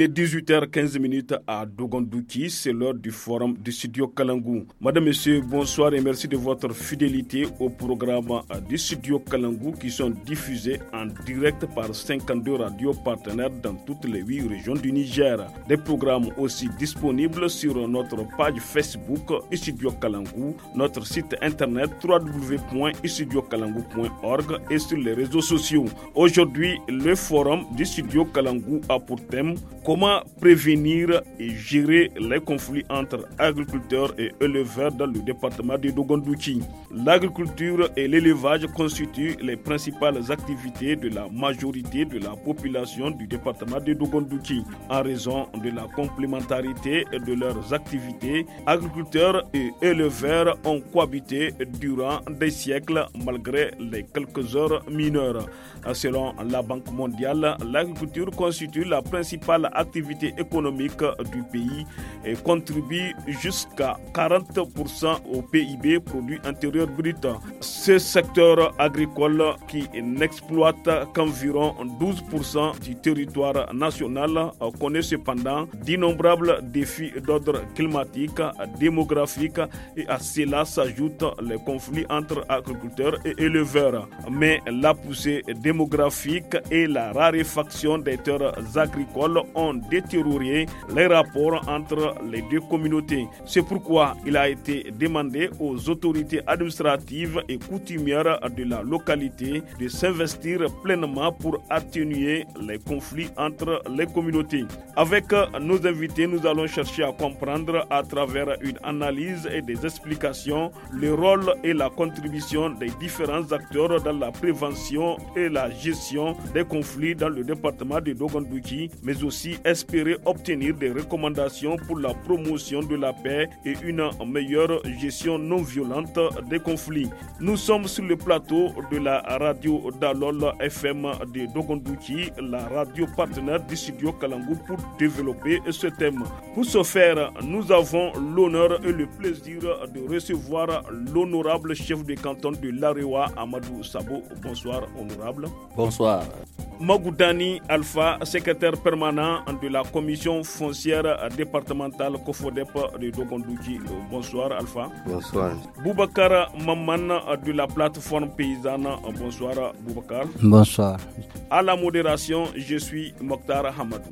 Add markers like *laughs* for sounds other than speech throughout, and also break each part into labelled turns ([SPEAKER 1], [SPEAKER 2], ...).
[SPEAKER 1] Il est 18h15 à Dogondouki, c'est l'heure du forum du studio Kalangou. Madame, Monsieur, bonsoir et merci de votre fidélité au programme du studio Kalangou qui sont diffusés en direct par 52 radios partenaires dans toutes les 8 régions du Niger. Des programmes aussi disponibles sur notre page Facebook Studio Kalangou, notre site internet www.studiokalangou.org et sur les réseaux sociaux. Aujourd'hui, le forum du studio Kalangou a pour thème Comment prévenir et gérer les conflits entre agriculteurs et éleveurs dans le département de Dogondouchi L'agriculture et l'élevage constituent les principales activités de la majorité de la population du département de Dogondouchi. En raison de la complémentarité de leurs activités, agriculteurs et éleveurs ont cohabité durant des siècles malgré les quelques heures mineures. Selon la Banque mondiale, l'agriculture constitue la principale activité économique du pays et contribue jusqu'à 40% au PIB, produit intérieur brut. Ce secteur agricole qui n'exploite qu'environ 12% du territoire national connaît cependant d'innombrables défis d'ordre climatique, démographique et à cela s'ajoutent les conflits entre agriculteurs et éleveurs. Mais la poussée démographique et la raréfaction des terres agricoles ont détériorer les rapports entre les deux communautés. C'est pourquoi il a été demandé aux autorités administratives et coutumières de la localité de s'investir pleinement pour atténuer les conflits entre les communautés. Avec nos invités, nous allons chercher à comprendre à travers une analyse et des explications le rôle et la contribution des différents acteurs dans la prévention et la gestion des conflits dans le département de Dogonbuki, mais aussi espérer obtenir des recommandations pour la promotion de la paix et une meilleure gestion non violente des conflits. Nous sommes sur le plateau de la radio Dalol FM de Dogondouki, la radio partenaire du studio Kalangou pour développer ce thème. Pour ce faire, nous avons l'honneur et le plaisir de recevoir l'honorable chef de canton de l'Arewa, Amadou Sabo. Bonsoir, honorable. Bonsoir. Magoudani Alpha, secrétaire permanent de la commission foncière départementale COFODEP de Dogondouki. Bonsoir Alpha. Bonsoir. Boubacar Mamman de la plateforme paysanne. Bonsoir Boubacar. Bonsoir. À la modération, je suis Mokhtar Hamadou.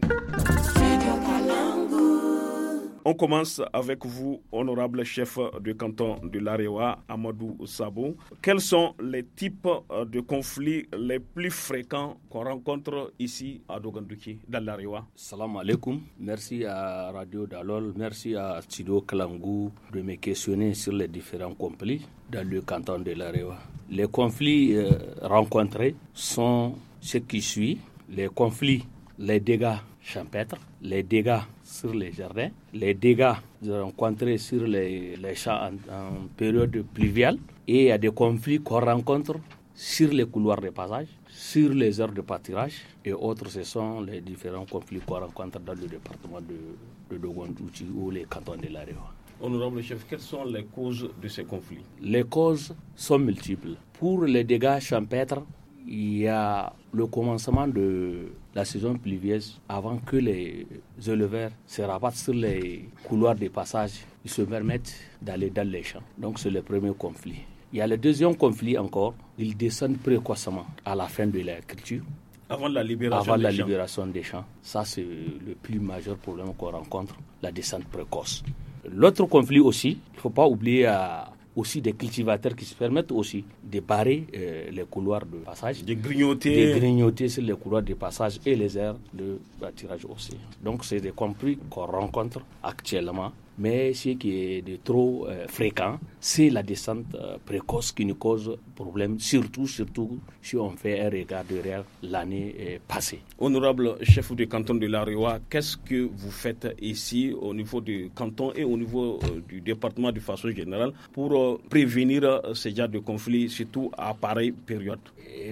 [SPEAKER 1] On commence avec vous, honorable chef du canton de l'Arewa, Amadou Sabou. Quels sont les types de conflits les plus fréquents qu'on rencontre ici à
[SPEAKER 2] Doganduki, dans l'Arewa Salam alaikum. Merci à Radio Dalol, merci à Tido Kalangou de me questionner sur les différents conflits dans le canton de l'Arewa. Les conflits euh, rencontrés sont ceux qui suivent les conflits, les dégâts champêtres, les dégâts sur les jardins, les dégâts rencontrés sur les, les champs en, période pluviale et il y a des conflits qu'on rencontre sur les couloirs de passage, sur les heures de pâturage et autres, ce sont les différents conflits qu'on rencontre dans le département de, de ou les cantons de la
[SPEAKER 1] Honorable chef, quelles sont les causes de ces conflits
[SPEAKER 2] Les causes sont multiples. Pour les dégâts champêtres, il y a le commencement de la saison pluvieuse avant que les éleveurs se rabattent sur les couloirs de passage. Ils se permettent d'aller dans les champs. Donc c'est le premier conflit. Il y a le deuxième conflit encore. Ils descendent précocement à la fin de l'écriture.
[SPEAKER 1] Avant la libération, Avant des, la champs.
[SPEAKER 2] libération des champs. Ça, c'est le plus majeur problème qu'on rencontre, la descente précoce. L'autre conflit aussi, il ne faut pas oublier à aussi des cultivateurs qui se permettent aussi de barrer euh, les couloirs de passage, de grignoter. de grignoter sur les couloirs de passage et les aires de tirage aussi. Donc c'est des compris qu'on rencontre actuellement mais ce qui est de trop euh, fréquent, c'est la descente euh, précoce qui nous cause problème, surtout, surtout si on fait un regard derrière l'année euh, passée. Honorable
[SPEAKER 1] chef du canton de Réoua, qu'est-ce que vous faites ici au niveau du canton et au niveau du département de façon générale pour prévenir ces genre de conflits, surtout
[SPEAKER 2] à pareille période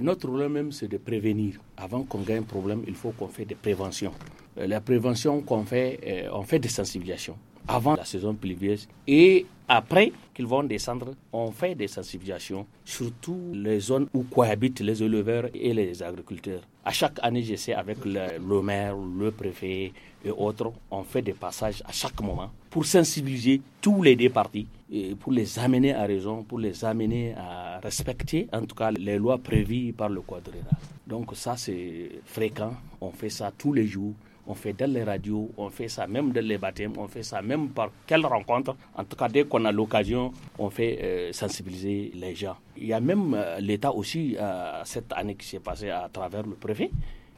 [SPEAKER 2] Notre rôle même, c'est de prévenir. Avant qu'on gagne un problème, il faut qu'on fasse des préventions. La prévention qu'on fait, on fait des sensibilisations avant la saison pluvieuse et après qu'ils vont descendre, on fait des sensibilisations, surtout les zones où cohabitent les éleveurs et les agriculteurs. À chaque année, j'essaie avec le, le, maire, le préfet et autres, on fait des passages à chaque moment pour sensibiliser tous les deux parties, et pour les amener à raison, pour les amener à respecter en tout cas les lois prévues par le Quadrénal. Donc ça, c'est fréquent, on fait ça tous les jours on fait dans les radios, on fait ça même dans les baptêmes, on fait ça même par quelle rencontre. En tout cas, dès qu'on a l'occasion, on fait euh, sensibiliser les gens. Il y a même euh, l'État aussi, euh, cette année qui s'est passée à travers le préfet,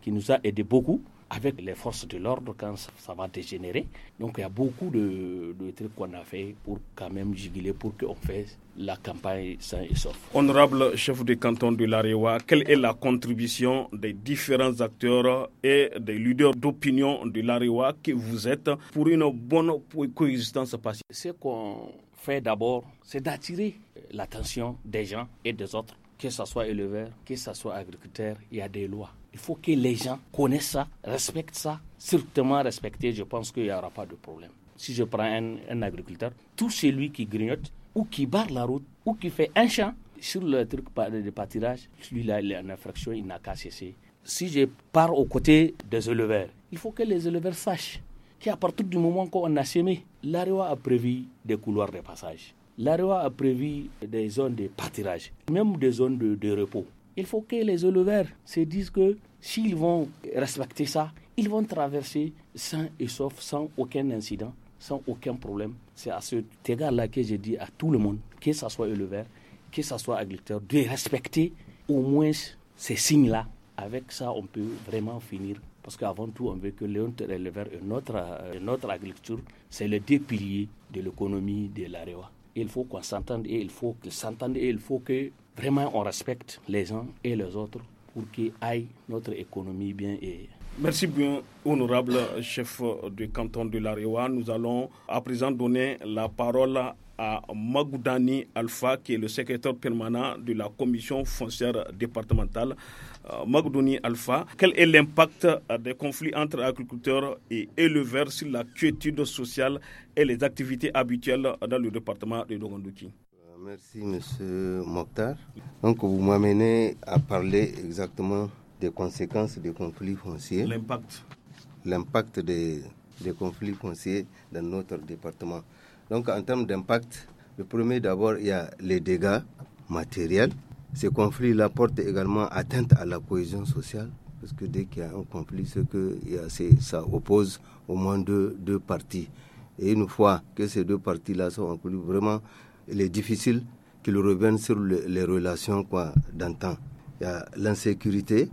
[SPEAKER 2] qui nous a aidé beaucoup avec les forces de l'ordre quand ça va dégénérer. Donc il y a beaucoup de, trucs qu'on a fait pour quand même juguler, pour qu'on fasse la campagne sans et sauf. Honorable
[SPEAKER 1] chef de canton de l'Arewa, quelle est la contribution des différents acteurs et des leaders d'opinion de l'Arewa que vous êtes pour une bonne coexistence pacifique
[SPEAKER 2] Ce qu'on fait d'abord, c'est d'attirer l'attention des gens et des autres que ce soit éleveur, que ce soit agriculteur, il y a des lois. Il faut que les gens connaissent ça, respectent ça, strictement respecter, je pense qu'il n'y aura pas de problème. Si je prends un, agriculteur, tout celui qui grignote ou qui barre la route ou qui fait un champ sur le truc de pâturage, celui-là, il est en infraction, il n'a qu'à cesser. Si je pars aux côtés des éleveurs, il faut que les éleveurs sachent qu'à partir du moment qu'on a semé, l'AREWA a prévu des couloirs de passage l'AREWA a prévu des zones de pâturage, même des zones de, repos. Il faut que les éleveurs se disent que s'ils vont respecter ça, ils vont traverser sans et sauf, sans aucun incident, sans aucun problème. C'est à cet égard-là que je dis à tout le monde, que ce soit éleveur, que ce soit agriculteur, de respecter au moins ces signes-là. Avec ça, on peut vraiment finir. Parce qu'avant tout, on veut que l'éleveur et euh, notre, agriculture, c'est les deux piliers de l'économie de l'AREWA il faut qu'on s'entende et il faut qu'ils s'entendent et il faut que vraiment on respecte les uns et les autres pour que aille notre économie bien et Merci
[SPEAKER 1] bien, honorable chef du canton de l'Ariwa. Nous allons à présent donner la parole à Magoudani Alpha, qui est le secrétaire permanent de la commission foncière départementale. Euh, Magoudani Alpha, quel est l'impact des conflits entre agriculteurs et éleveurs sur la quiétude sociale et les activités habituelles dans le département de Dogondouki euh,
[SPEAKER 3] Merci, monsieur Mokhtar. Donc, vous m'amenez à parler exactement des conséquences des conflits fonciers. L'impact. L'impact des, des, conflits fonciers dans notre département. Donc en termes d'impact, le premier d'abord, il y a les dégâts matériels. Ces conflits-là portent également atteinte à la cohésion sociale, parce que dès qu'il y a un conflit, ce que il ça oppose au moins deux, deux parties. Et une fois que ces deux parties-là sont en conflit, vraiment, il est difficile qu'ils reviennent sur les relations d'antan. Il y a l'insécurité,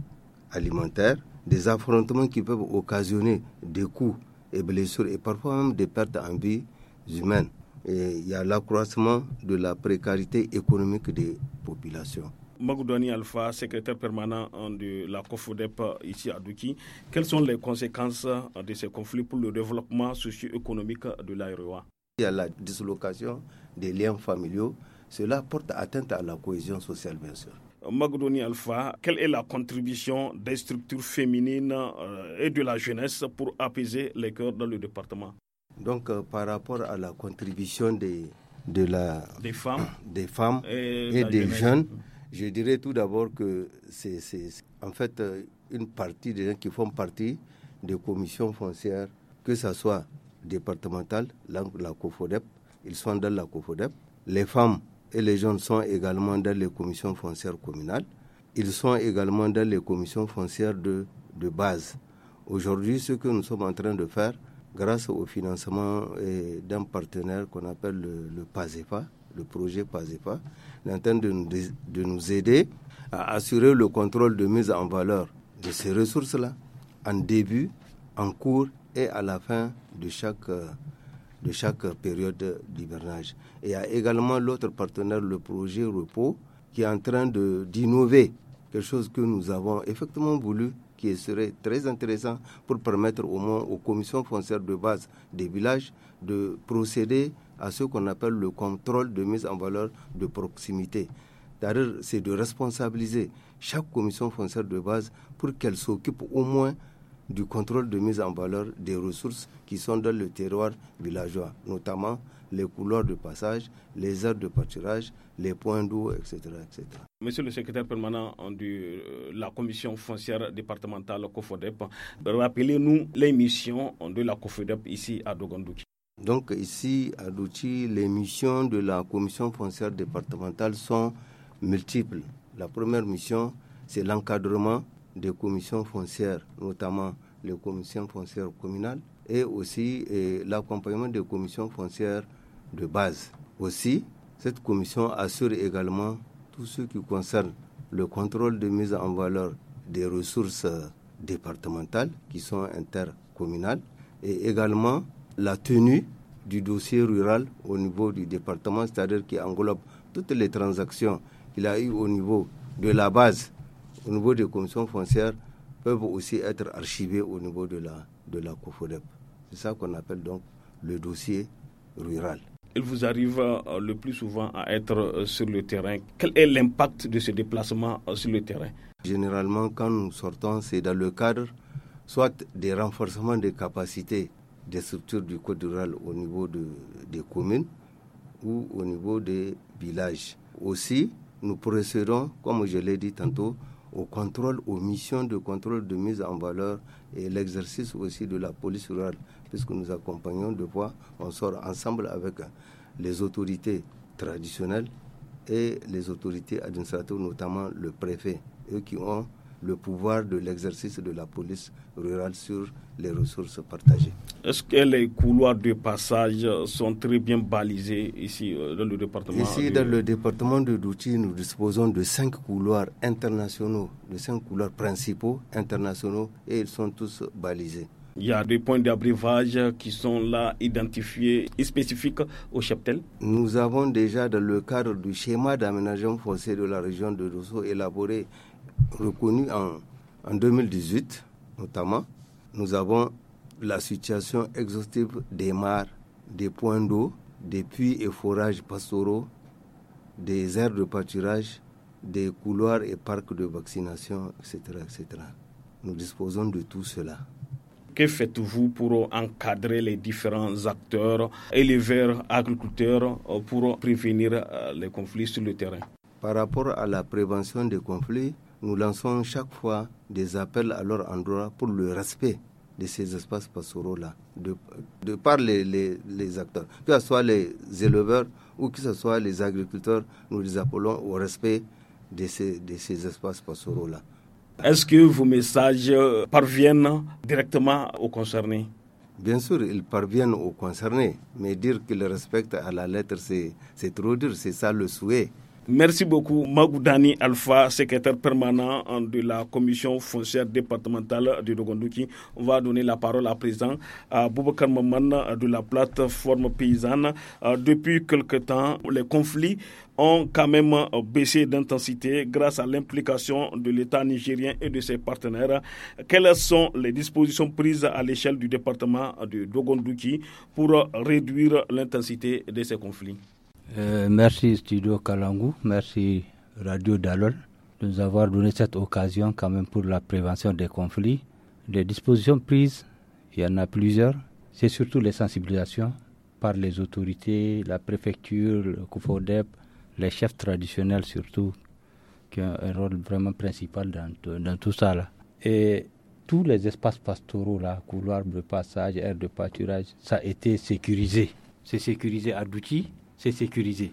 [SPEAKER 3] alimentaire, des affrontements qui peuvent occasionner des coups et blessures et parfois même des pertes en vie humaine. Et il y a l'accroissement de la précarité économique des populations.
[SPEAKER 1] Magoudani Alpha, secrétaire permanent de la COFODEP ici à Douki, quelles sont les conséquences de ces conflits pour le développement socio-économique de l'Aéroa Il y a la dislocation des liens familiaux. Cela porte atteinte à la cohésion sociale, bien sûr. Magdoni Alpha, quelle est la contribution des structures féminines euh, et de la jeunesse pour apaiser les cœurs dans le département
[SPEAKER 3] Donc, euh, par rapport à la contribution des, femmes, *coughs* des femmes et, des jeunes, je dirais tout d'abord que c'est en fait euh, une partie des gens qui font partie des commissions foncières, que ce soit départementale, la, la COFODEP, ils sont dans la COFODEP. Les femmes et les jeunes sont également dans les commissions foncières communales. Ils sont également dans les commissions foncières de, de base. Aujourd'hui, ce que nous sommes en train de faire, grâce au financement eh, d'un partenaire qu'on appelle le, le, PASEPA, le projet PASEPA, il est en train de, de nous aider à assurer le contrôle de mise en valeur de ces ressources-là en début, en cours et à la fin de chaque euh, de chaque période d'hivernage. Et il y a également l'autre partenaire, le projet Repos, qui est en train d'innover, quelque chose que nous avons effectivement voulu, qui serait très intéressant pour permettre au moins aux commissions foncières de base des villages de procéder à ce qu'on appelle le contrôle de mise en valeur de proximité. C'est de responsabiliser chaque commission foncière de base pour qu'elle s'occupe au moins du contrôle de mise en valeur des ressources qui sont dans le terroir villageois, notamment les couloirs de passage, les aires de pâturage, les points d'eau, etc., etc.
[SPEAKER 1] Monsieur le secrétaire permanent de euh, la commission foncière départementale COFODEP,
[SPEAKER 3] rappelez-nous les missions de la COFODEP ici à Dogondouki. Donc ici à Douti, les missions de la commission foncière départementale sont multiples. La première mission, c'est l'encadrement des commissions foncières, notamment les commissions foncières communales, et aussi l'accompagnement des commissions foncières de base. Aussi, cette commission assure également tout ce qui concerne le contrôle de mise en valeur des ressources départementales qui sont intercommunales et également la tenue du dossier rural au niveau du département, c'est-à-dire qui englobe toutes les transactions qu'il a eues au niveau de la base au niveau des commissions foncières peuvent aussi être archivées au niveau de la, de la COFODEP. C'est ça qu'on appelle donc le dossier rural.
[SPEAKER 1] Il vous arrive euh, le plus souvent à être euh, sur le terrain. Quel est l'impact de ce
[SPEAKER 3] déplacement euh, sur le terrain Généralement, quand nous sortons, c'est dans le cadre soit des renforcements des capacités des structures du code rural au niveau de, des communes ou au niveau des villages. Aussi, nous procédons, comme je l'ai dit tantôt, au contrôle, aux missions de contrôle de mise en valeur et l'exercice aussi de la police rurale, puisque nous accompagnons de voir on sort ensemble avec les autorités traditionnelles et les autorités administratives, notamment le préfet, eux qui ont le pouvoir de l'exercice de la police rurale sur les ressources partagées. Est-ce que les couloirs de passage sont très bien
[SPEAKER 1] balisés ici euh, dans le département Ici, dans le
[SPEAKER 3] département de Douti, nous disposons de cinq couloirs internationaux, de cinq couloirs principaux internationaux, et ils sont tous balisés. Il y a des points d'abrivage qui sont là identifiés et spécifiques au cheptel Nous avons déjà, dans le cadre du schéma d'aménagement foncier de la région de Rousseau, élaboré Reconnu en, 2018, notamment, nous avons la situation exhaustive des mares, des points d'eau, des puits et forages pastoraux, des aires de pâturage, des couloirs et parcs de vaccination, etc. etc. Nous disposons de tout cela.
[SPEAKER 1] Que faites-vous pour encadrer les différents acteurs, éleveurs,
[SPEAKER 3] agriculteurs, euh, pour prévenir euh, les conflits sur le terrain Par rapport à la prévention des conflits, nous lançons chaque fois des appels à leur endroit pour le respect de ces espaces pastoraux-là, de, par les, les, acteurs, que ce soit les éleveurs ou que ce soit les agriculteurs, nous les appelons au respect de ces, de ces espaces pastoraux-là. Est-ce que vos messages parviennent directement aux concernés Bien sûr, ils parviennent aux concernés, mais dire qu'ils respectent à la lettre, c'est trop dur, c'est ça le souhait. Merci beaucoup, Magoudani Alpha,
[SPEAKER 1] secrétaire permanent de la commission foncière départementale de Dogondouki. On va donner la parole à présent à Boubacar Maman de la plateforme paysanne. Euh, depuis quelque temps, les conflits ont quand même euh, baissé d'intensité grâce à l'implication de l'État nigérien et de ses partenaires. Quelles sont les dispositions prises à l'échelle du département de Dogondouki pour euh, réduire l'intensité de ces conflits?
[SPEAKER 4] Euh, merci Studio Kalangu, merci Radio Dallol de nous avoir donné cette occasion quand même pour la prévention des conflits. Les dispositions prises, il y en a plusieurs. C'est surtout les sensibilisations par les autorités, la préfecture, le COFODEP, les chefs traditionnels surtout, qui ont un rôle vraiment principal dans, tout ça. Là. Et tous les espaces pastoraux, là, couloirs de passage, aires de pâturage, ça a été sécurisé. C'est sécurisé à d'outils c'est sécurisé.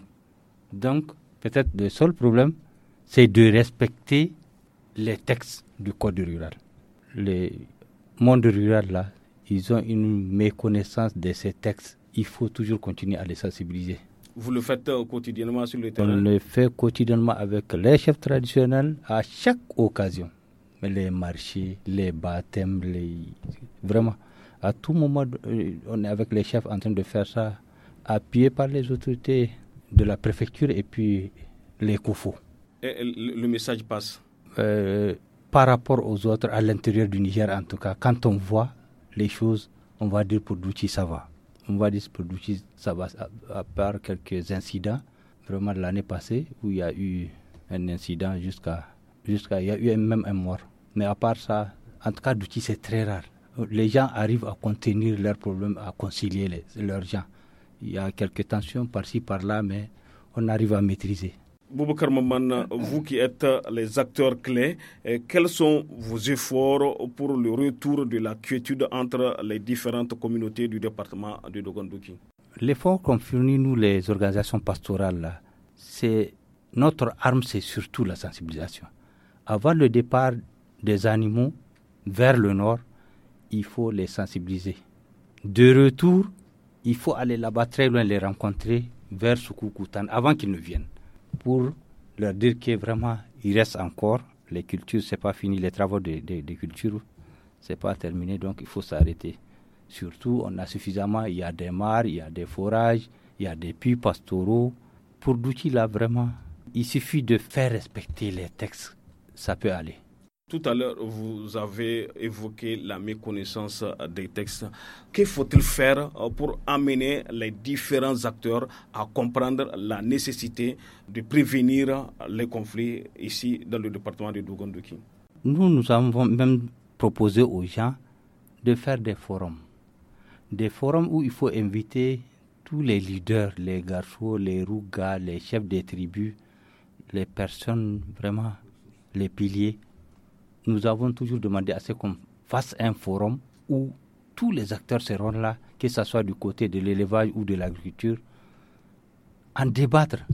[SPEAKER 4] Donc, peut-être le seul problème, c'est de respecter les textes du Code rural. Le monde rural, là, ils ont une méconnaissance de ces textes. Il faut toujours continuer à les sensibiliser.
[SPEAKER 1] Vous le faites euh, quotidiennement sur le terrain On le
[SPEAKER 4] fait quotidiennement avec les chefs traditionnels à chaque occasion. Mais les marchés, les baptêmes, les... vraiment. À tout moment, euh, on est avec les chefs en train de faire ça appuyé par les autorités de la préfecture et puis les COFO.
[SPEAKER 1] Et le message passe
[SPEAKER 4] euh, Par rapport aux autres, à l'intérieur du Niger en tout cas, quand on voit les choses, on va dire pour Douchi ça va. On va dire pour Douchi ça va, à, part quelques incidents, vraiment l'année passée, où il y a eu un incident jusqu'à. jusqu'à il y a eu même un mort. Mais à part ça, en tout cas, Douchi c'est très rare. Les gens arrivent à contenir leurs problèmes, à concilier les, leurs gens. Il y a quelques tensions par-ci, par-là, mais on arrive à maîtriser.
[SPEAKER 1] Boubacar Maman, vous qui êtes les acteurs clés, euh, quels sont vos efforts pour le retour de la quiétude entre les différentes communautés du département de Dogondouki
[SPEAKER 4] L'effort qu'ont fourni nous, les organisations pastorales, c'est notre arme, c'est surtout la sensibilisation. Avant le départ des animaux vers le nord, il faut les sensibiliser. De retour, il faut aller là-bas très loin les rencontrer vers Sukukutan avant qu'ils ne viennent pour leur dire que vraiment il reste encore les cultures c'est pas fini les travaux des de, culture cultures c'est pas terminé donc il faut s'arrêter surtout on a suffisamment il y a des mares il y a des forages il y a des puits pastoraux pour Douti là vraiment il suffit de faire respecter les textes ça peut aller
[SPEAKER 1] tout à l'heure, vous avez évoqué la méconnaissance des textes. Que faut-il faire euh, pour amener les différents acteurs à comprendre la nécessité de prévenir les conflits ici dans le département de Dougondoki
[SPEAKER 4] Nous, nous avons même proposé aux gens de faire des forums. Des forums où il faut inviter tous les leaders, les garçons, les rougas, les chefs des tribus, les personnes vraiment, les piliers nous avons toujours demandé à ce qu'on fasse un forum où tous les acteurs seront là, que ce soit du côté de l'élevage ou de l'agriculture, en débattre.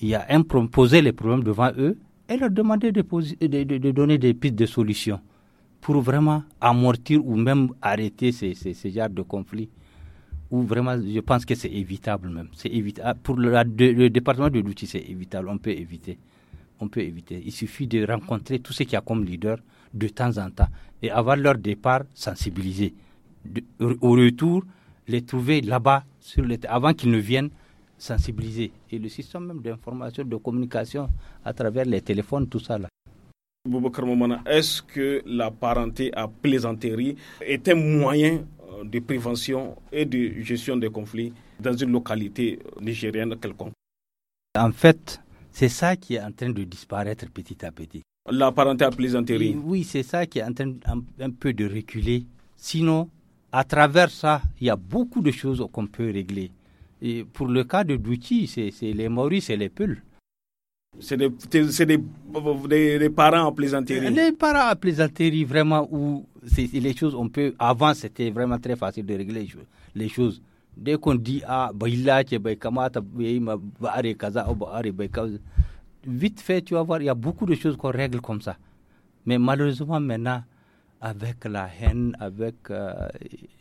[SPEAKER 4] Il y a un poser les problèmes devant eux et leur demander de, de, donner des pistes de solutions pour vraiment amortir ou même arrêter ces, ces, genres de conflit. Ou vraiment, je pense que c'est évitable même. C'est évitable. Pour le département de l'outil, c'est évitable. On peut éviter on peut éviter. Il suffit de rencontrer tous ceux qui a comme leader de temps en temps et avoir leur départ sensibilisé. au retour, les trouver là-bas, avant qu'ils ne viennent sensibiliser. Et le système même d'information, de communication à travers les téléphones, tout ça là.
[SPEAKER 1] Boubacar est-ce que la parenté à plaisanterie est un moyen euh, de prévention et de gestion des conflits dans une
[SPEAKER 4] localité nigérienne quelconque En fait, c'est ça qui est en train de disparaître petit à petit. La parenté à plaisanterie. oui, c'est ça qui est en train un, peu de reculer. Sinon, à travers ça, il y a beaucoup de choses qu'on peut régler. Et pour le cas de Douti, c'est les Maurice et les pulls. C'est des,
[SPEAKER 1] parents en plaisanterie. Les
[SPEAKER 4] parents à plaisanterie, vraiment, où les choses, on peut. Avant, c'était vraiment très facile de régler les choses dès qu'on di a kamata kaza vite fait tu vas voir il y a beaucoup de choses qu'on règle comme ça mais malheureusement maintenant avec la haine, avec euh,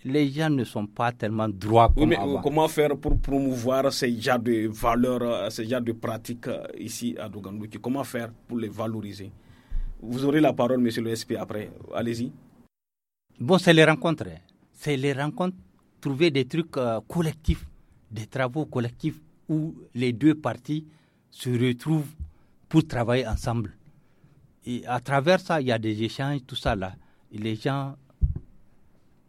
[SPEAKER 4] les gens ne sont pas tellement droits. Comme euh,
[SPEAKER 1] comment faire pour promouvoir ces genres de valeurs, euh, ces genres de pratiques ici à Dougandouki Comment faire pour les valoriser Vous aurez la parole, Monsieur le SP, après. Allez-y.
[SPEAKER 4] Bon, c'est les rencontres. Hein. C'est les rencontres trouver des trucs euh, collectifs, des travaux collectifs où les deux parties se retrouvent pour travailler ensemble. Et à travers ça, il y a des échanges, tout ça là. les gens,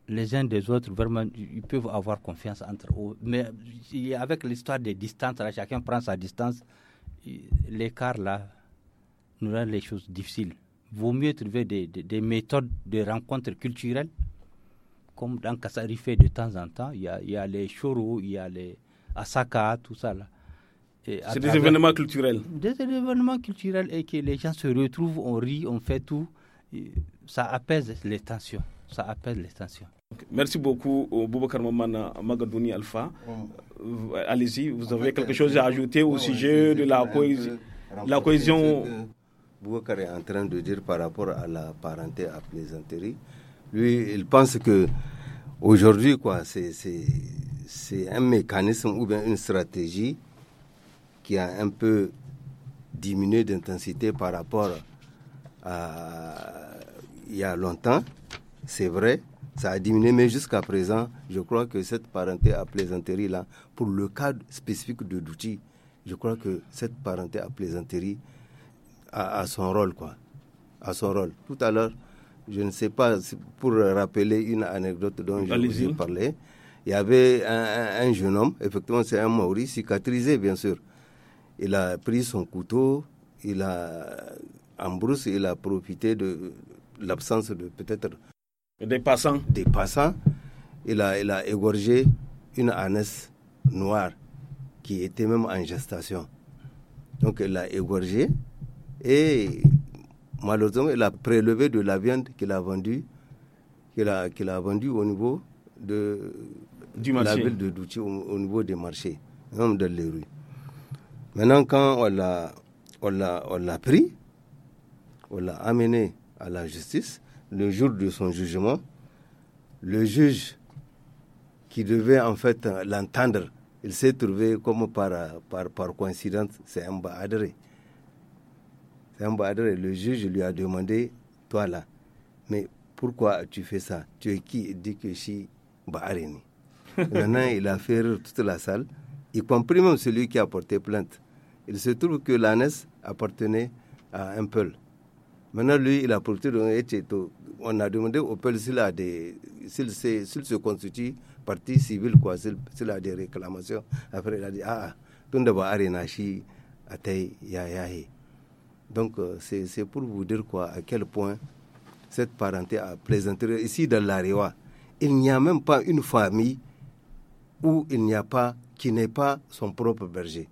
[SPEAKER 4] les uns des autres, vraiment, ils peuvent avoir confiance entre eux. Mais avec l'histoire des distances, là, chacun prend sa distance. L'écart là nous rend les choses difficiles. Vaut mieux trouver des, des méthodes de rencontre culturelle comme dans Kassarifé de temps en temps, il y a, les Choro, il y a les Asaka, tout ça là. C'est des événements culturels. Des événements culturels et que les gens se retrouvent, on rit, on fait tout. Ça apaise les tensions. Ça apaise les tensions.
[SPEAKER 1] Merci beaucoup, euh, Boubacar Mamana Magadouni Alpha. Allez-y, vous avez quelque euh, chose à euh, ajouter au sujet de la, cohésion. la cohésion.
[SPEAKER 3] Boubacar est en train de dire par rapport à la parenté à plaisanterie. Lui, il pense que aujourd'hui, quoi, c'est un mécanisme ou bien une stratégie qui a un peu diminué d'intensité par rapport à il y a longtemps. C'est vrai, ça a diminué, mais jusqu'à présent, je crois que cette parenté à plaisanterie-là, pour le cadre spécifique de Douti, je crois que cette parenté à plaisanterie a, son rôle, quoi. A son rôle. Tout à l'heure, je ne sais pas, pour rappeler une anecdote dont je vous ai parlé, il y avait un, jeune homme, effectivement c'est un Maori, cicatrisé bien sûr. Il a pris son couteau, il a, en brousse, il a profité de l'absence de peut-être... Des passants. Des passants. Il a, il a égorgé une anesse noire qui était même en gestation. Donc il l'a égorgé et Malheureusement, il a prélevé de la viande qu'il a vendue qu'il a, a vendue au niveau de du la ville de au, niveau des marchés, même dans les rues. Maintenant, quand on l'a, pris, on l'a amené à la justice, le jour de son jugement, le juge qui devait en fait l'entendre, il s'est trouvé comme par, par, coïncidence, c'est un badré le juge lui a demandé, toi là, mais pourquoi tu fais ça Tu es qui Il dit que je suis Maintenant, *laughs* il a fait toute la salle, y compris même celui qui a porté plainte. Il se trouve que l'ANES appartenait à un peuple. Maintenant, lui, il a porté On a demandé au peuple s'il a des, s'il se, constitue parti civil, quoi, s'il a des réclamations. Après, il a dit, ah, ah tout d'abord, donc, euh, c'est pour vous dire quoi, à quel point cette parenté a présenté. Ici, dans l'Ariwa il n'y a même pas une famille où il n'y a pas, qui n'est pas son propre berger.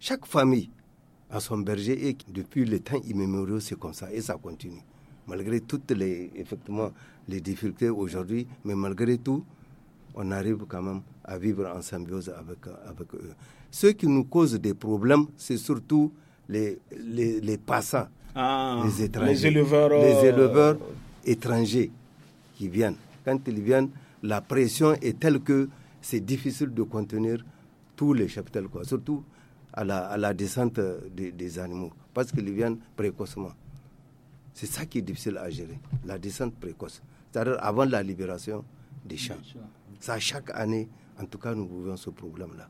[SPEAKER 3] Chaque famille a son berger et depuis les temps immémoriaux, c'est comme ça et ça continue. Malgré toutes les, effectivement, les difficultés aujourd'hui, mais malgré tout, on arrive quand même à vivre en symbiose avec, avec eux. Ce qui nous cause des problèmes, c'est surtout les, les, passants,
[SPEAKER 1] ah, les étrangers, les euh, éleveurs,
[SPEAKER 3] étrangers qui viennent. Quand ils viennent, la pression est telle que c'est difficile de contenir tous les cheptels, quoi. surtout à la, à la descente euh, des, des animaux, parce qu'ils viennent précocement. C'est ça qui est difficile à gérer, la descente précoce, c'est-à-dire avant la libération des champs. Ça, chaque année, en tout cas, nous vivons ce problème-là.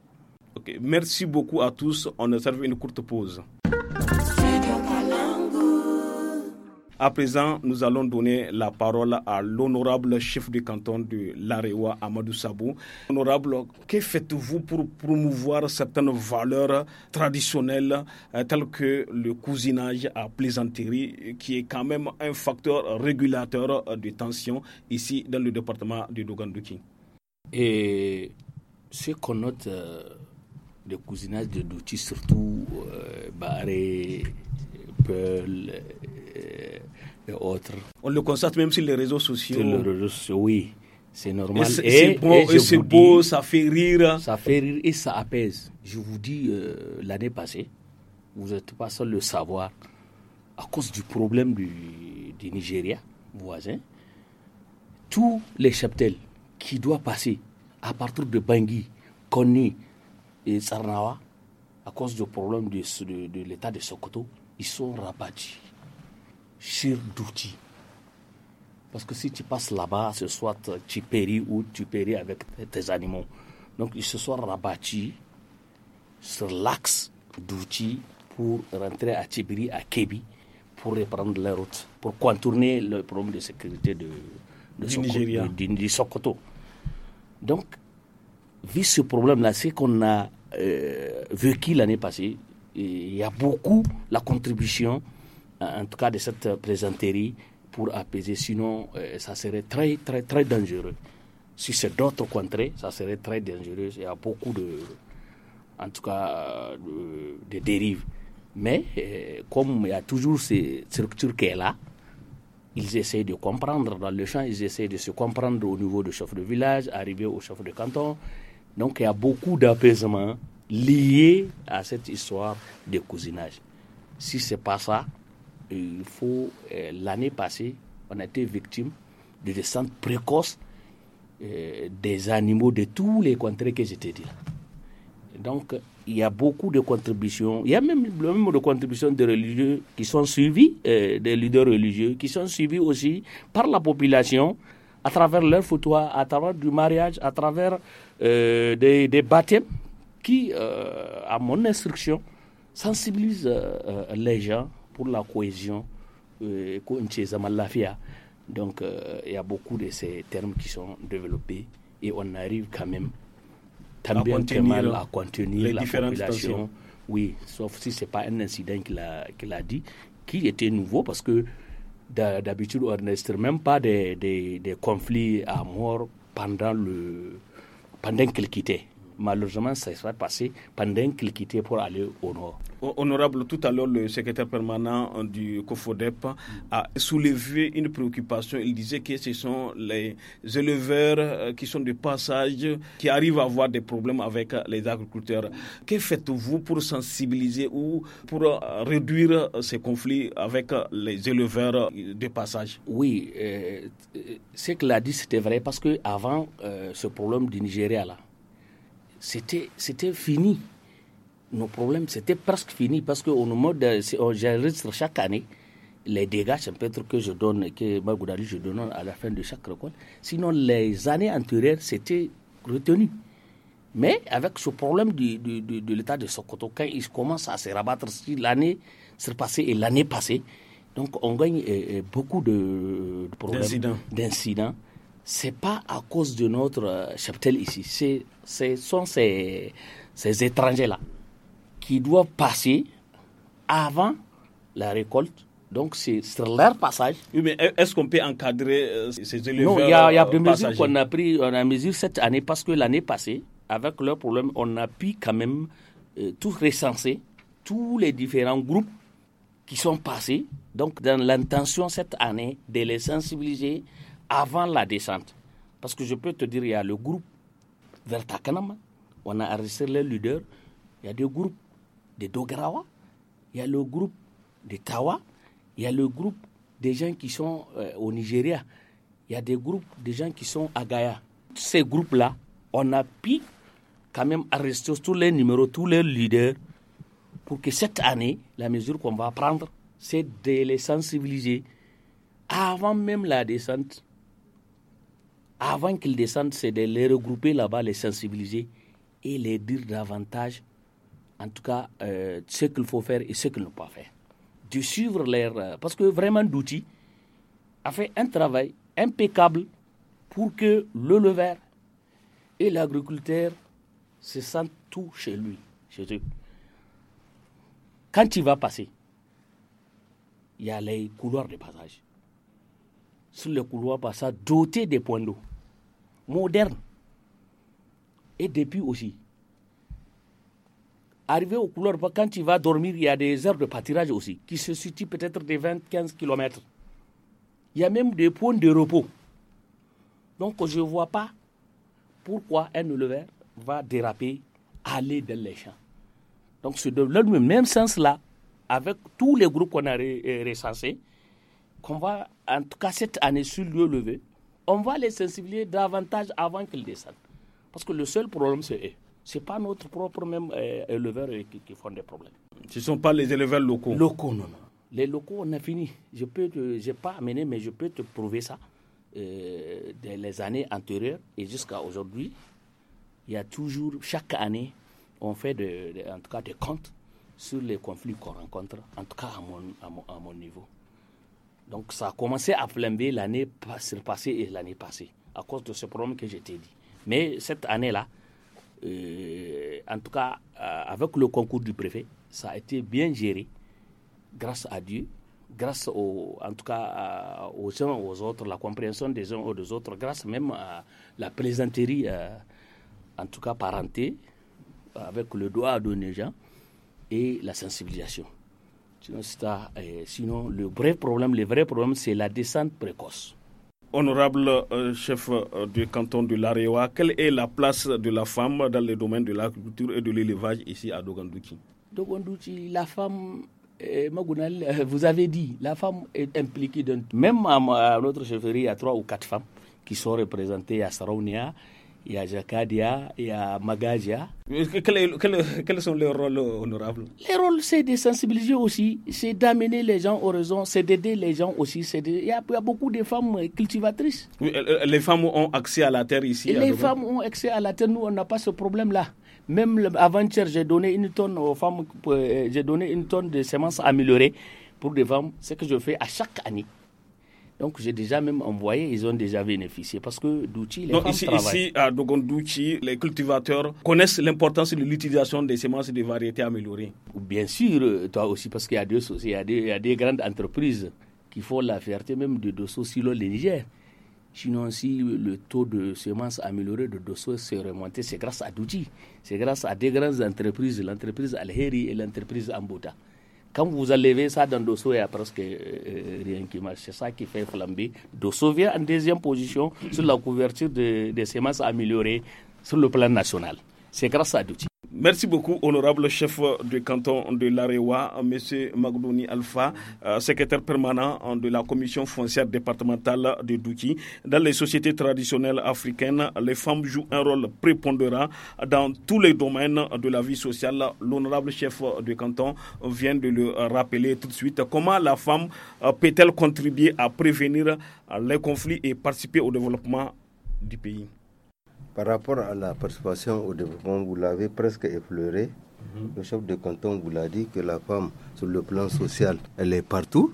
[SPEAKER 3] Ok, Merci beaucoup à tous. On observe une courte pause.
[SPEAKER 1] À présent, nous allons donner la parole à l'honorable chef du canton de l'Arewa, Amadou Sabou. Honorable, que faites-vous pour promouvoir certaines valeurs traditionnelles euh, telles que le cousinage à plaisanterie, qui est quand même un facteur régulateur euh, de tension ici dans le
[SPEAKER 2] département du Dogandouki Et ce qu'on note euh, de cousinage de Douty, surtout euh, Barré, Peul, euh, et autres. On le constate même sur les réseaux sociaux. Les réseaux sociaux oui, c'est normal. Et c'est beau, ça fait rire. Ça fait rire et ça apaise. Je vous dis, euh, l'année passée, vous n'êtes pas seul le savoir, à cause du problème du, du Nigeria voisin, tous les cheptels qui doivent passer à partir de Bangui, Connie et Sarnawa, à cause du problème de, de, l'état de Sokoto, ils sont rabattus sur Douti. Parce que si tu passes là-bas, ce soit tu péris ou tu péris avec tes animaux. Donc ils se sont rabattus sur l'axe d'outils pour rentrer à Tibiri, à Kébi, pour reprendre la route, pour contourner le problème de sécurité de, Sokoto. Donc, vu ce problème-là, c'est qu'on a vu euh, vécu l'année passée, il y a beaucoup la contribution, euh, en tout cas de cette plaisanterie, pour apaiser. Sinon, euh, ça serait très, très, très dangereux. Si c'est d'autres contrées, ça serait très dangereux. Il y a beaucoup de, en tout cas, de, dérives. Mais comme il y a toujours ces structures qui est là, ils essayent de comprendre dans le champ, ils essayent de se comprendre au niveau du chef de village, arriver au chef de canton, donc il y a beaucoup d'apaisement lié à cette histoire de cousinage. Si ce n'est pas ça, il faut. Euh, l'année passée, on a été victime de descente précoces euh, des animaux de tous les contrées que j'étais dit. Donc, il y a beaucoup de contributions. Il y a même le même de contributions de religieux qui sont suivis, euh, des leaders religieux, qui sont suivis aussi par la population à travers leur foutoir, à travers du mariage, à travers euh, des, des, baptêmes qui, euh, à mon instruction, sensibilisent euh, les gens pour la cohésion. Hein. Donc, il y a beaucoup de ces termes qui sont développés et on arrive quand même tant bien que mal à contenir la population. Stations. Oui, sauf si ce n'est pas un incident qu'il a, qu'il a dit, qui était nouveau parce que d'habitude, on n'est même pas des, des, conflits à mort pendant le, pendant qu'il quittait malheureusement, ça s'est passé pendant qu'il quittait pour aller au nord.
[SPEAKER 1] Honorable, tout à l'heure, le secrétaire permanent euh, du COFODEP a soulevé une préoccupation. Il disait que ce sont les éleveurs euh, qui sont de passage qui arrivent à avoir des problèmes avec euh, les agriculteurs. Que faites-vous pour sensibiliser ou pour réduire ces conflits
[SPEAKER 2] avec les éleveurs de passage Oui, ce qu'il a dit, c'était vrai parce qu'avant ce problème du Nigeria, là, c'était fini. Nos problèmes, c'était presque fini parce que euh, chaque année les dégâts champêtres que je donne, que je donne à la fin de chaque récolte. Sinon, les années antérieures, c'était retenu. Mais avec ce problème du, de l'état de Sokoto, quand il commence à se rabattre sur l'année passée et l'année passée, donc on gagne euh, euh, beaucoup de, de problèmes, d'incidents c'est pas à cause de notre euh, cheptel ici. ce sont ces, ces étrangers-là qui doivent passer avant la récolte. Donc, c'est leur passage. mais est-ce qu'on peut encadrer euh, ces éleveurs Non, il y, y a, des euh, mesures qu'on a prises on a mesuré cette année parce que l'année passée, avec leurs problème, on a pu quand même tout recenser, tous les différents groupes qui sont passés. Donc, dans l'intention cette année de les sensibiliser avant la descente. Parce que je peux te dire, il y a le groupe vertakanama, on a arrêté les leaders. Il y a des groupes des Dograwa, il y a le groupe des Tawa, il y a le groupe des gens qui sont euh, au Nigeria, il y a des groupes des gens qui sont à Gaïa. Ces groupes-là, on a pu quand même arrêter tous les numéros, tous les leaders, pour que cette année, la mesure qu'on va prendre, c'est de les sensibiliser avant même la descente avant qu'ils descendent, c'est de les regrouper là-bas, les sensibiliser et les dire davantage, en tout cas, euh, ce qu'il faut faire et ce qu'il ne faut pas faire. De suivre leur... Euh, parce que vraiment, Douti a fait un travail impeccable pour que le leveur et l'agriculteur se sentent tout chez lui, chez eux. Quand il va passer, il y a les couloirs de passage sur les couloirs par ça, dotés des points d'eau modernes et depuis aussi. Arrivé au couloir, quand tu vas dormir, il y a des heures de pâturage aussi, qui se situent peut-être des 20-15 km. Il y a même des points de repos. Donc je ne vois pas pourquoi un éleveur va déraper, aller dans les champs. Donc c'est dans le même sens-là, avec tous les groupes qu'on a euh, recensés, qu'on va, en tout cas cette année sur lieu levé, on va les sensibiliser davantage avant qu'ils descendent. Parce que le seul problème, c'est eux. Eh, Ce n'est pas notre propre même eh, éleveur eh, qui, font des problèmes. Ce ne sont pas les éleveurs locaux Locaux, non, Les locaux, on a fini. Je peux, n'ai pas amené, mais je peux te prouver ça. Euh, dans les années antérieures et jusqu'à aujourd'hui, il y a toujours, chaque année, on fait de, en tout cas des comptes sur les conflits qu'on rencontre, en tout cas à mon, à mon niveau. Donc ça a commencé à flamber l'année passée et l'année passée, à cause de ce problème que je dit. Mais cette année-là, euh, en tout cas, euh, avec le concours du préfet, ça a été bien géré, grâce à Dieu, grâce au, en tout cas euh, aux uns aux autres, la compréhension des uns aux des autres, grâce même à la plaisanterie, en tout cas parenté, avec le doigt à donner gens et la sensibilisation. Euh, sinon, le vrai problème, le vrai problème, c'est la descente précoce. Honorable euh, chef
[SPEAKER 1] euh, du canton de Laréwa, quelle est la place de la femme dans le domaine de l'agriculture et de l'élevage
[SPEAKER 2] ici à Dogandouchi Dogandouchi, la femme, vous avez dit, la femme est impliquée dans Même à, l'autre notre chefferie, il y a trois ou quatre femmes qui sont représentées à Sarounia il y a Jacadia, il y a Magadia. Quels sont les rôles euh, honorables Les rôles, c'est de sensibiliser aussi, c'est d'amener les gens aux raisons, c'est d'aider les gens aussi. il, y a, beaucoup de femmes cultivatrices.
[SPEAKER 1] Euh, euh, les femmes ont
[SPEAKER 2] accès à la terre
[SPEAKER 1] ici Les femmes
[SPEAKER 2] ont accès à la terre, nous, on n'a pas ce problème-là. Même avant-hier, j'ai donné une tonne aux femmes, j'ai donné une tonne de semences améliorées pour des femmes, ce que je fais à chaque année. Donc j'ai déjà même envoyé, ils ont déjà bénéficié parce que d'outils, les ici,
[SPEAKER 1] à les cultivateurs
[SPEAKER 2] connaissent l'importance de l'utilisation des semences de variétés améliorées. Bien sûr, toi aussi, parce qu'il y a des, il grandes entreprises qui font la fierté même de Dosso Silo le Niger. Sinon, si le taux de semences améliorées de Dosso s'est remonté, c'est grâce à Douchi, c'est grâce à des grandes entreprises, l'entreprise Alheri et l'entreprise Ambota. Quand vous enlevez ça dans Dosso, il n'y a presque euh, euh, rien qui marche. C'est ça qui fait flamber. Dosso vient en deuxième position sur la couverture de, de ces améliorées sur le plan national. C'est grâce à Douti. Merci beaucoup,
[SPEAKER 1] honorable chef du canton de l'Arewa, M. Magdouni Alpha, euh, secrétaire permanent de la commission foncière départementale de Douki. Dans les sociétés traditionnelles africaines, les femmes jouent un rôle prépondérant dans tous les domaines de la vie sociale. L'honorable chef du canton vient de le rappeler tout de suite. Comment la femme euh, peut-elle contribuer à prévenir les conflits et participer au développement
[SPEAKER 3] du pays par rapport à la participation au développement, vous l'avez presque effleuré. Mhm. Le chef de canton vous l'a dit que la femme, sur le plan social, elle est partout,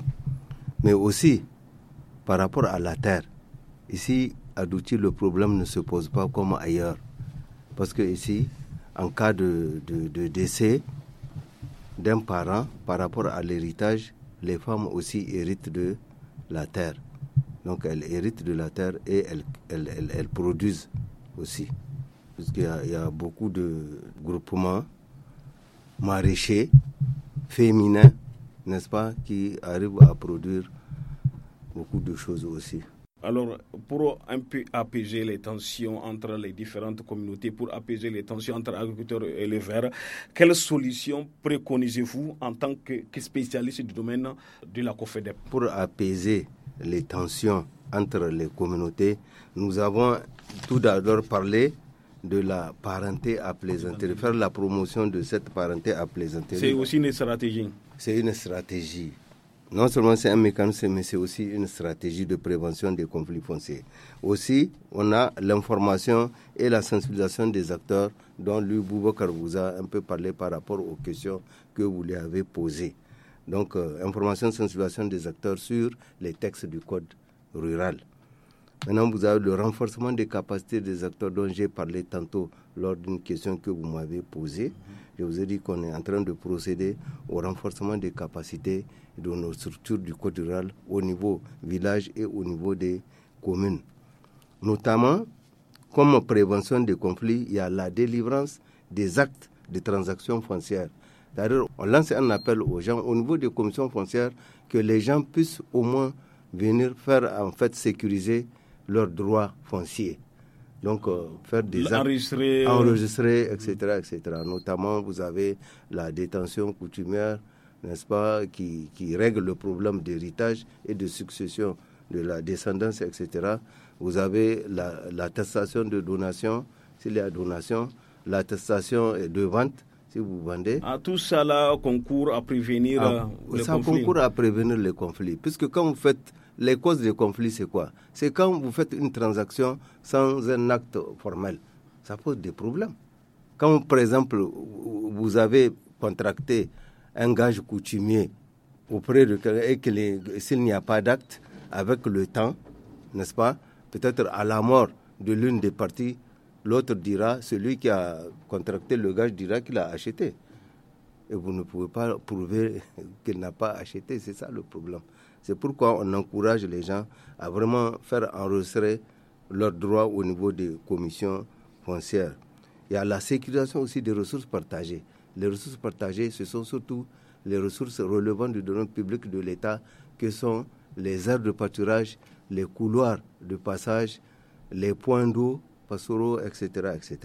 [SPEAKER 3] mais aussi par rapport à la terre. Ici, à Douti, le problème ne se pose pas comme ailleurs. Parce que ici, en cas de, décès d'un parent, par rapport à l'héritage, les femmes aussi héritent de la terre. Donc elles héritent de la terre et elles produisent aussi, Parce y, y, a beaucoup de groupements maraîchers féminins, n'est-ce pas, qui arrivent à produire beaucoup de choses aussi. Alors, pour un peu apaiser
[SPEAKER 1] les tensions entre les différentes communautés, pour apaiser les tensions entre agriculteurs et les verts, quelles solutions préconisez-vous en tant que, spécialiste du domaine de la COFEDEP
[SPEAKER 3] Pour apaiser les tensions entre les communautés, nous avons tout d'abord parler de la parenté à plaisanterie, faire la promotion de cette parenté à plaisanterie. C'est aussi une stratégie. C'est une stratégie. Non seulement c'est un mécanisme, mais c'est aussi une stratégie de prévention des conflits fonciers. Aussi, on a l'information et la sensibilisation des acteurs dont Louis Boubacar vous a un peu parlé par rapport aux questions que vous lui avez posées. Donc, euh, information, sensibilisation des acteurs sur les textes du Code rural Maintenant, vous avez le renforcement des capacités des acteurs dont j'ai parlé tantôt lors d'une question que vous m'avez posée. Je vous ai dit qu'on est en train de procéder au renforcement des capacités de nos structures du Côte rural au niveau village et au niveau des communes. Notamment, comme prévention des conflits, il y a la délivrance des actes de transactions foncières. D'ailleurs, on lance un appel aux gens au niveau des commissions foncières que les gens puissent au moins venir faire en fait sécuriser leurs droits fonciers. Donc, euh, faire des enregistrer, euh, enregistrer etc., etc. Notamment, vous avez la détention coutumière, n'est-ce pas, qui, qui, règle le problème d'héritage et de succession de la descendance, etc. Vous avez l'attestation de donation, s'il y a donation, l'attestation de vente, si vous vendez.
[SPEAKER 1] À ah, tout cela concourt à prévenir ah, euh, les conflits. ça concourt
[SPEAKER 3] à prévenir les conflits. Puisque quand vous faites les causes de conflit, c'est quoi C'est quand vous faites une transaction sans un acte formel. Ça pose des problèmes. Quand, par exemple, vous avez contracté un gage coutumier auprès de et que s'il n'y a pas d'acte, avec le temps, n'est-ce pas Peut-être à la mort de l'une des parties, l'autre dira, celui qui a contracté le gage dira qu'il a acheté. Et vous ne pouvez pas prouver *laughs* qu'il n'a pas acheté, c'est ça le problème. C'est pourquoi on encourage les gens à vraiment faire enregistrer leurs droits au niveau des commissions foncières. Il y a la sécurisation aussi des ressources partagées. Les ressources partagées, ce sont surtout les ressources relevant du domaine public de l'État, que sont les aires de pâturage, les couloirs de passage, les points d'eau, pastoraux, etc., etc.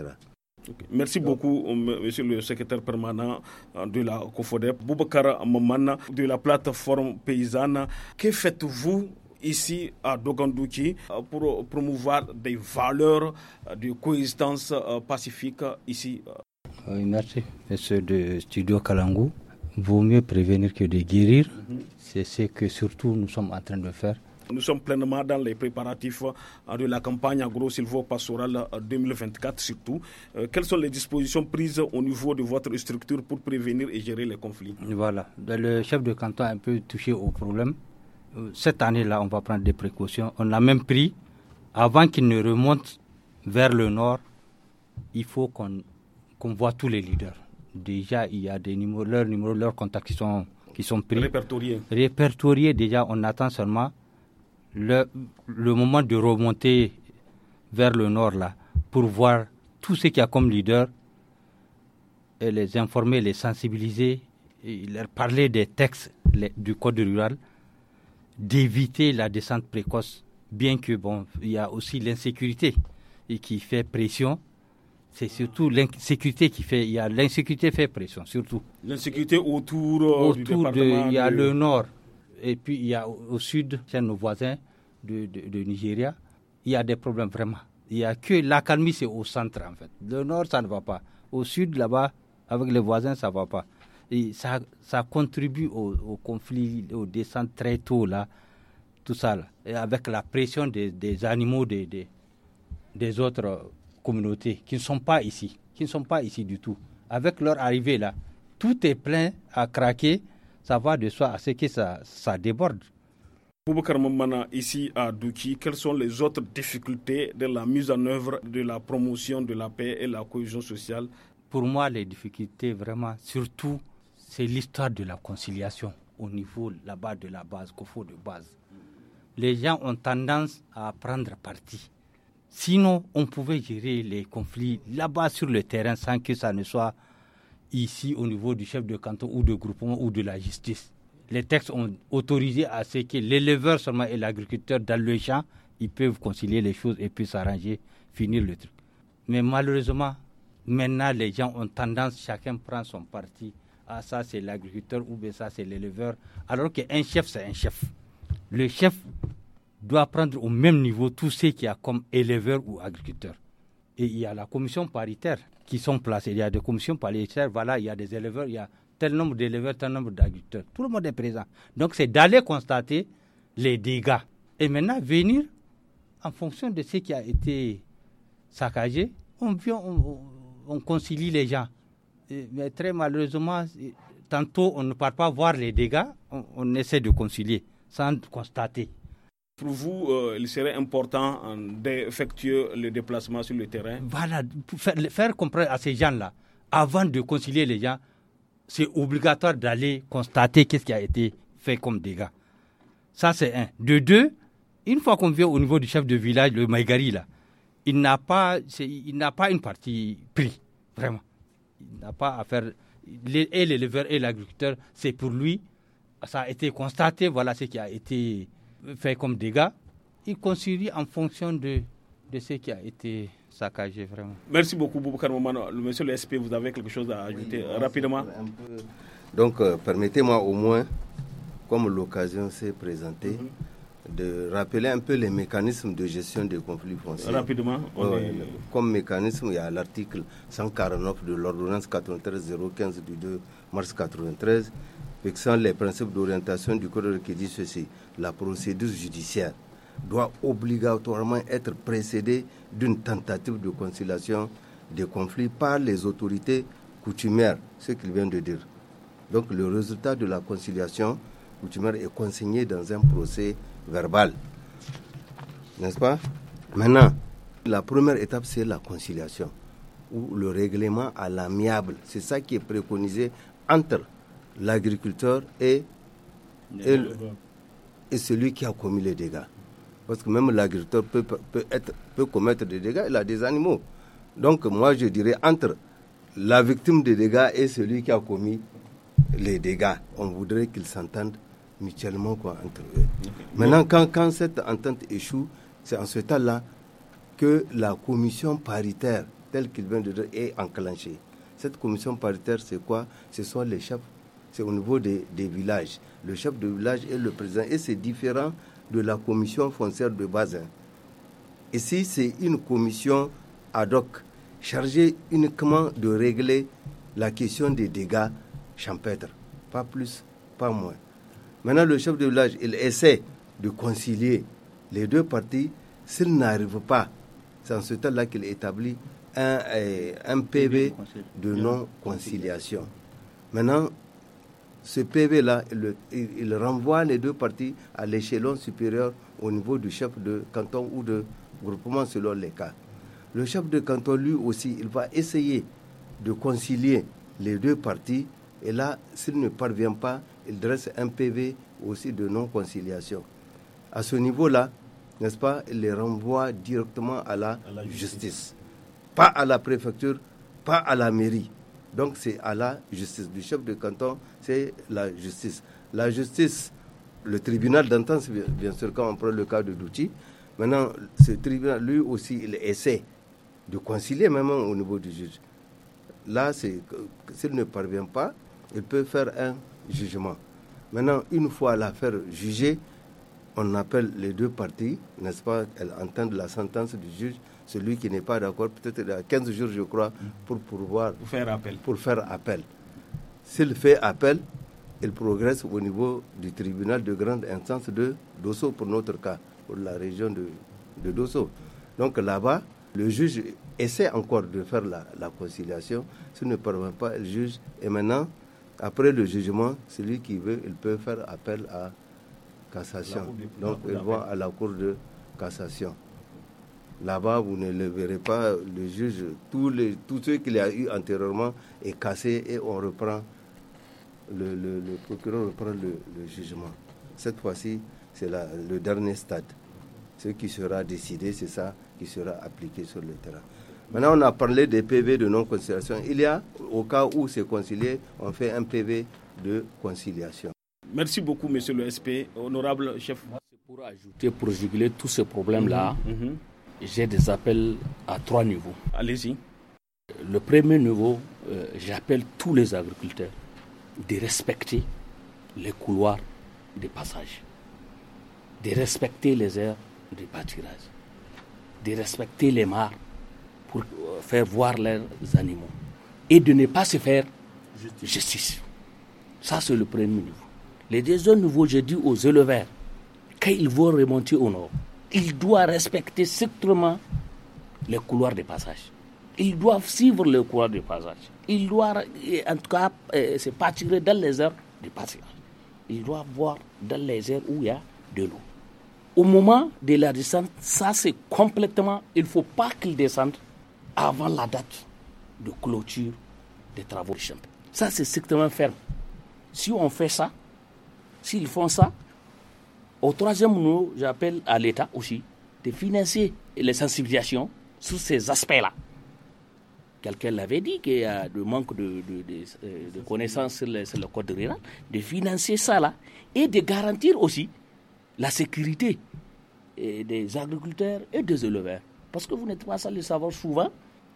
[SPEAKER 3] Merci
[SPEAKER 1] beaucoup, euh, monsieur le secrétaire permanent euh, de la COFODEP, Boubacar Mamana, de la plateforme paysanne. Que faites-vous ici à Dogandouki euh, pour promouvoir des valeurs de coexistence pacifique ici
[SPEAKER 4] Merci, monsieur de Studio Kalangou. Vaut mieux prévenir que de guérir. Mhm. C'est ce que surtout nous sommes en train de faire
[SPEAKER 1] nous sommes pleinement dans les préparatifs euh, de la campagne agro pastoral 2024 surtout. Euh, quelles sont les dispositions prises au niveau de votre structure pour prévenir et gérer les conflits
[SPEAKER 4] Voilà, ben, le chef de canton a un peu touché au problème. Euh, cette année-là, on va prendre des précautions. On a même pris, avant qu'il ne remonte vers le nord, il faut qu'on voit tous les leaders. Déjà, il y a des numéros, leurs numéros, leurs contacts qui sont, qui sont pris. Répertoriés. Répertoriés, déjà, on attend seulement le, moment de remonter vers le nord là pour voir tout ce qu'il y a comme leader et les informer, les sensibiliser, et leur parler des textes du code rural, d'éviter la descente précoce, bien que bon, il y a aussi l'insécurité et qui fait pression. C'est surtout l'insécurité qui fait, il a l'insécurité fait pression surtout.
[SPEAKER 1] L'insécurité autour, euh, du département a le nord,
[SPEAKER 4] et puis, il y a au sud, c'est nos voisins de Nigeria, il y a des problèmes vraiment. Il n'y a que l'accalmie, c'est au centre, en fait. Le nord, ça ne va pas. Au sud, là-bas, avec les voisins, ça ne va pas. Et ça, ça contribue au, conflit, au descend très tôt, là, tout ça, là. avec la pression des, des animaux des, des, des, autres communautés qui ne sont pas ici, qui ne sont pas ici du tout. Avec leur arrivée, là, tout est plein à craquer ça va de soi à ce que ça, ça déborde.
[SPEAKER 1] Boubacar Mamana, ici à Douki, quelles sont les autres difficultés de la mise
[SPEAKER 4] en œuvre de la promotion de la paix et la cohésion sociale Pour moi, les difficultés, vraiment, surtout, c'est l'histoire de la conciliation au niveau là-bas de la base, qu'au faut de base. Les gens ont tendance à prendre parti. Sinon, on pouvait gérer les conflits là-bas sur le terrain sans que ça ne soit ici au niveau du chef de canton ou de groupement ou de la justice. Les textes ont autorisé à ce que l'éleveur seulement et l'agriculteur dans le champ, ils peuvent concilier les choses et puis s'arranger, finir le truc. Mais malheureusement, maintenant les gens ont tendance, chacun prend son parti. Ah ça c'est l'agriculteur ou bien ça c'est l'éleveur. Alors qu'un chef c'est un chef. Le chef doit prendre au même niveau tous ce qui y a comme éleveur ou agriculteur. Et il y a la commission paritaire qui sont placés. Il y a des commissions les voilà, il y a des éleveurs, il y a tel nombre d'éleveurs, tel nombre d'agriculteurs. Tout le monde est présent. Donc c'est d'aller constater les dégâts et maintenant venir en fonction de ce qui a été saccagé, on vient, on, concilie les gens. mais très malheureusement, tantôt on ne part pas voir les dégâts, on essaie de concilier sans constater
[SPEAKER 1] pour vous, euh, il serait important euh, d'effectuer le
[SPEAKER 4] déplacement sur le terrain Voilà, pour faire, comprendre à ces gens-là, avant de concilier les gens, c'est obligatoire d'aller constater qu'est-ce qui a été fait comme dégâts. Ça, c'est un. De deux, une fois qu'on vient au niveau du chef de village, le Maïgari, là, il n'a pas, pas une partie pris, vraiment. Il n'a pas à faire. Les, et l'éleveur et l'agriculteur, c'est pour lui. Ça a été constaté, voilà ce qui a été fait comme dégâts, il construit en fonction de, de ce qui a été saccagé vraiment.
[SPEAKER 1] Merci beaucoup Boubacar Monsieur le SP, vous avez quelque chose à ajouter rapidement
[SPEAKER 3] Donc euh, permettez-moi au moins, comme l'occasion s'est présentée, mm-hmm. de rappeler un peu les mécanismes de gestion des conflits fonciers. Rapidement. Comme mécanisme, il y a l'article 149 de l'ordonnance 93-015 du 2 mars 93 fixant les principes d'orientation du code qui dit ceci la procédure judiciaire doit obligatoirement être précédée d'une tentative de conciliation des conflits par les autorités coutumières, ce qu'il vient de dire. Donc le résultat de la conciliation coutumière est consigné dans un procès verbal. N'est-ce pas Maintenant, la première étape, c'est la conciliation ou le règlement à l'amiable. C'est ça qui est préconisé entre l'agriculteur et, le, et celui qui a commis les dégâts. Parce que même l'agriculteur peut, peut, être, peut commettre des dégâts, il a des animaux. Donc moi je dirais entre la victime des dégâts et celui qui a commis les dégâts, on voudrait qu'ils s'entendent mutuellement quoi, entre eux. Maintenant, quand, quand cette entente échoue, c'est en ce temps-là que la commission paritaire, telle qu'il vient de dire, est enclenchée. Cette commission paritaire, c'est quoi Ce sont les chefs c'est au niveau des, villages. Le chef de village est le président et c'est différent de la commission foncière de et Ici, c'est une commission ad hoc chargée uniquement de régler la question des dégâts champêtres, pas plus, pas moins. Maintenant, le chef de village, il essaie de concilier les deux parties. S'il n'arrive pas, c'est en ce temps-là qu'il établit un, un PV de non-conciliation. Maintenant, ce PV-là, il, renvoie les deux parties à l'échelon supérieur au niveau du chef de canton ou de groupement selon les cas. Le chef de canton, lui aussi, il va essayer de concilier les deux parties et là, s'il ne parvient pas, il dresse un PV aussi de non-conciliation. À ce niveau-là, n'est-ce pas, il les renvoie directement à la, justice. Pas à la préfecture, pas à la mairie. Donc c'est à la justice. Du chef de canton, c'est la justice. La justice, le tribunal d'entente, bien sûr, quand on prend le cas de Douti, maintenant, ce tribunal, lui aussi, il essaie de concilier même au niveau du juge. Là, s'il ne parvient pas, il peut faire un jugement. Maintenant, une fois l'affaire jugée, on appelle les deux parties, n'est-ce pas Elles entendent la sentence du juge celui qui n'est pas d'accord, peut-être il a 15 jours, je crois, pour pouvoir. Pour faire appel. Pour faire appel. S'il fait appel, il progresse au niveau du tribunal de grande instance de Dosso, pour notre cas, pour la région de, de Dosso. Donc là-bas, le juge essaie encore de faire la, conciliation. S'il ne parvient pas, il juge. Et maintenant, après le jugement, celui qui veut, il peut faire appel à cassation. Donc, il va à la cour de cassation. Là-bas, vous ne le verrez pas, le juge, tout, les, ce qu'il y a eu antérieurement est cassé et on reprend, le, procureur reprend le, jugement. Cette fois-ci, c'est le dernier stade. Ce qui sera décidé, c'est ça qui sera appliqué sur le terrain. Maintenant, on a parlé des PV de non-conciliation. Il y a, au cas où c'est concilié, on fait un PV de conciliation.
[SPEAKER 1] Merci beaucoup, monsieur le SP. Honorable
[SPEAKER 2] chef. Pour ajouter,
[SPEAKER 3] pour juguler tous ces problèmes-là, mhm. Mhm j'ai des appels
[SPEAKER 2] à trois niveaux. Allez-y. Le premier niveau, euh, j'appelle tous les agriculteurs de respecter les couloirs de passage, de respecter les aires de pâturage, de respecter les mares pour euh, faire voir leurs animaux et de ne pas se faire justice. Ça, c'est le premier niveau. Le deuxième niveau, je dis aux éleveurs, quand ils vont remonter au nord, il doit respecter strictement les couloirs de passage. Ils doivent suivre le couloirs de passage. Ils doivent, eh, en tout cas, eh, se pâturer dans les heures de passage. Ils doivent voir dans les heures où il y a de l'eau. Au moment de la descente, ça c'est complètement. Il ne faut pas qu'ils descendent avant la date de clôture des travaux de champ. Ça c'est strictement ferme. Si on fait ça, s'ils font ça, au troisième niveau, j'appelle à l'État aussi de financer les sensibilisations sur ces aspects-là. Quelqu'un l'avait dit qu'il y a du manque de, de, euh, connaissances sur le, code rural, de financer ça là et de garantir aussi la sécurité euh, des agriculteurs et des éleveurs. Parce que vous n'êtes pas sans le savoir souvent,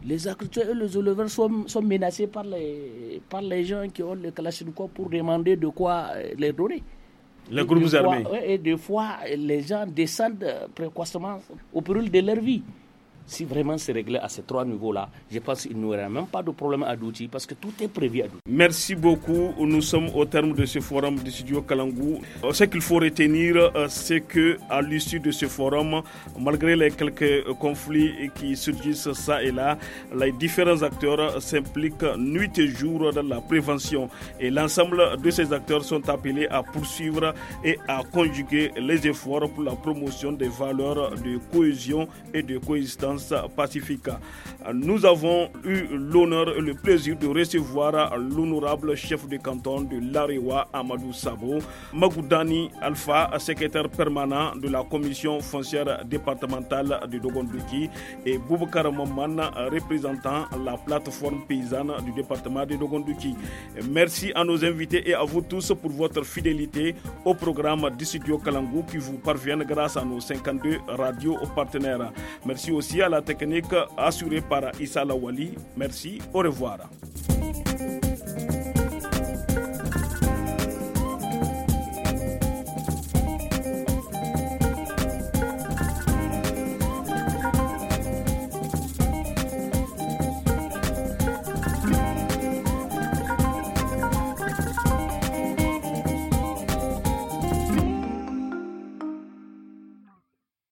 [SPEAKER 2] les agriculteurs et les éleveurs sont, menacés par les, par les gens qui ont le quoi pour demander de quoi euh, les donner.
[SPEAKER 1] Les groupes armés.
[SPEAKER 2] et des fois, les gens descendent précocement au péril de leur vie si vraiment c'est réglé à ces trois niveaux-là, je pense qu'il n'y aura même pas de problème à Douti parce que tout est prévu à Douti.
[SPEAKER 1] Merci beaucoup. Nous sommes au terme de ce forum du studio Kalangou. Euh, ce qu'il faut retenir, euh, c'est que à l'issue de ce forum, malgré les quelques conflits qui surgissent ça et là, les différents acteurs euh, s'impliquent nuit et jour dans la prévention. Et l'ensemble de ces acteurs sont appelés à poursuivre et à conjuguer les efforts pour la promotion des valeurs de cohésion et de coexistence Pacifique. Nous avons eu l'honneur et le plaisir de recevoir l'honorable chef de canton de l'Arewa, Amadou Sabo, Magoudani Alpha, secrétaire permanent de la commission foncière départementale de Dogonduki et Boubacar représentant la plateforme paysanne du département de Dogonduki. Merci à nos invités et à vous tous pour votre fidélité au programme du studio Kalangou qui vous parvient grâce à nos 52 radios partenaires. Merci aussi à la technique assurée par Issa Lawali. Merci, au revoir.